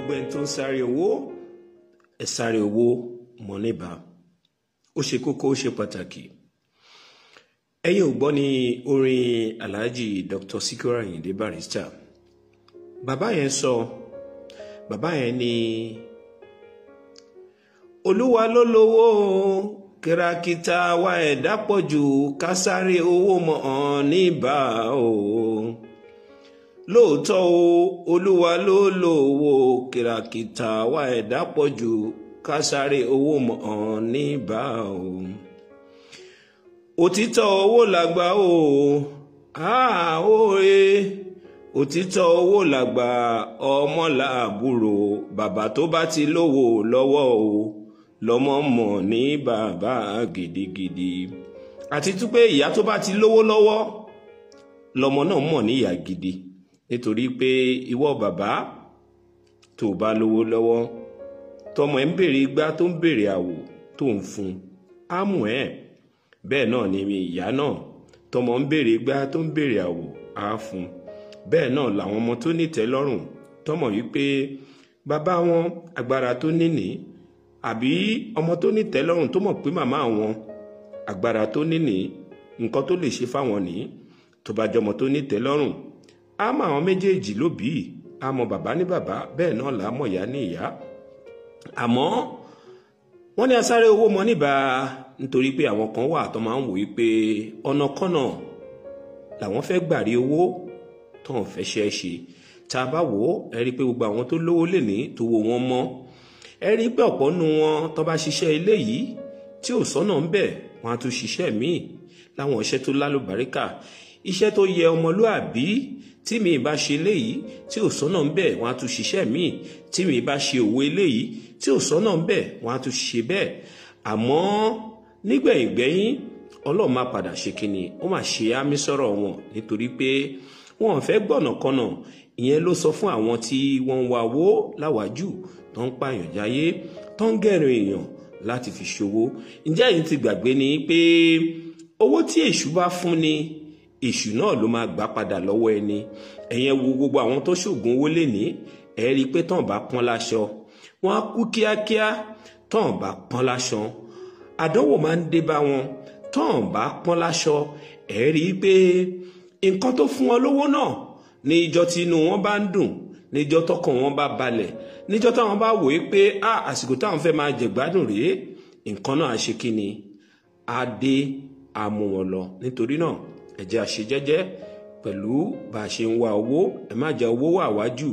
gbogbo ẹni tó ń sáré owó ẹ sáré owó mọ́ níbà ó ṣe kókó ó ṣe pàtàkì ẹ̀yin ò gbọ́ ní orin alhaji dr sikiru ayinde barrister bàbá yẹn sọ bàbá yẹn ní olúwa ló lówó kìràkìtà wa ẹ̀dá pọ̀ jù ká sáré owó mọ́ ọ níbà o lóòótọ́ o olúwa ló lo owó kìràkìtà wa ẹ̀dá pọ̀ jù ká sáré owó mọ̀ọ́n ní bá o òtítọ́ owó làgbà o àá òye òtítọ́ owó làgbà ọmọ làbúrò bàbá tó bá ti lówó lọ́wọ́ o lọ́mọ mọ̀ ní bàbá gidigidi àti tún pé ìyá tó bá ti lówó lọ́wọ́ lọ́mọ náà mọ̀ níyà gidi nítorí pé ìwọ bàbá tó bá lówó lọ́wọ́ tọmọ ẹ̀ ń béèrè igbá tó ń béèrè àwò tó ń fún á mú ẹ̀ bẹ́ẹ̀ náà ni ìyá náà tọmọ ń béèrè igbá tó ń béèrè àwò á fún bẹ́ẹ̀ náà làwọn ọmọ tó nítẹ́lọ́rùn tọmọ wípé bàbá wọn agbára tó níní àbí ọmọ tó nítẹ́lọ́rùn tó mọ̀ pé màmá wọn agbára tó níní nǹkan tó lè ṣe fáwọn ní tó bá jọmọ tó nítẹ́lọ́rùn ámọ̀ àwọn méjèèjì ló bí i àmọ́ bàbá ní bàbá bẹ́ẹ̀ náà là á mọ̀ ìyá ní ìyá àmọ́ wọ́n ní asáré owó mọ níbà nítorí pé àwọn kan wà tó máa ń wòye pé ọ̀nà kọ́nà làwọn fẹ́ gbà rí owó tó ń fẹ́ ṣe é ṣe tá a bá wò ó ẹ rí i pé gbogbo àwọn tó lówó lè ní tó wo wọn mọ́ ẹ rí i pé ọ̀pọ̀ nu wọn tó bá ṣiṣẹ́ ilé yìí tí ò sọ́nà ń bẹ̀ wọ́n á tún ṣiṣẹ́ míì láwọn iṣẹ́ tó lálùbáríkà iṣẹ́ tó yẹ ọmọlúàbí tí mi bá ṣe léyìí tí ò sọ́nà ń wọ́n á tún ṣiṣẹ́ míì tí mi bá ṣe òwe léyìí tí ò sọ́nà ń bẹ̀ wọ́n á tún ṣe bẹ́ẹ̀ àmọ́ nígbẹ̀yìngbẹ̀yìn ọlọ́run máa padà ṣe kínni ó máa ṣe àmì sọ̀rọ̀ wọn nítorí pé wọn ò fẹ́ gbọ̀nàkọ́nà ìyẹn ló sọ fún àwọn tí wọ́n ń wa owó láwàájú tó ń pààyàn jáyé tó ń gẹ̀rùn èèyàn láti fi ṣòwò ǹjẹ́ yìí ti gbàgbé ni pé owó tí èṣù bá fún ni èṣù náà ló máa gbà padà lọ́wọ́ ẹni ẹ̀yẹn wo gbogbo àwọn tó ṣògùn owó lè ní ẹ rí i pé tán bá pọ́n láṣọ wọ́n á kú kíákíá tán bá pọ́n láṣọ àdánwò máa ń dé bá wọn tán bá pọ́n láṣọ ẹ rí i pé nǹkan tó fún wọn lówó náà ní ìjọ tí inú wọn bá ń dùn níjọ́ tọkàn wọn bá balẹ̀ níjọ́ táwọn bá wòó pé a àsìkò táwọn fẹ́ máa jẹ̀gbádùn rèé nǹkan náà á ṣe kí ni adé amú wọn lọ nítorí náà ẹ jẹ́ a ṣe jẹ́jẹ́ pẹ̀lú bá a ṣe ń wá owó ẹ má jẹ́ owó wà wájú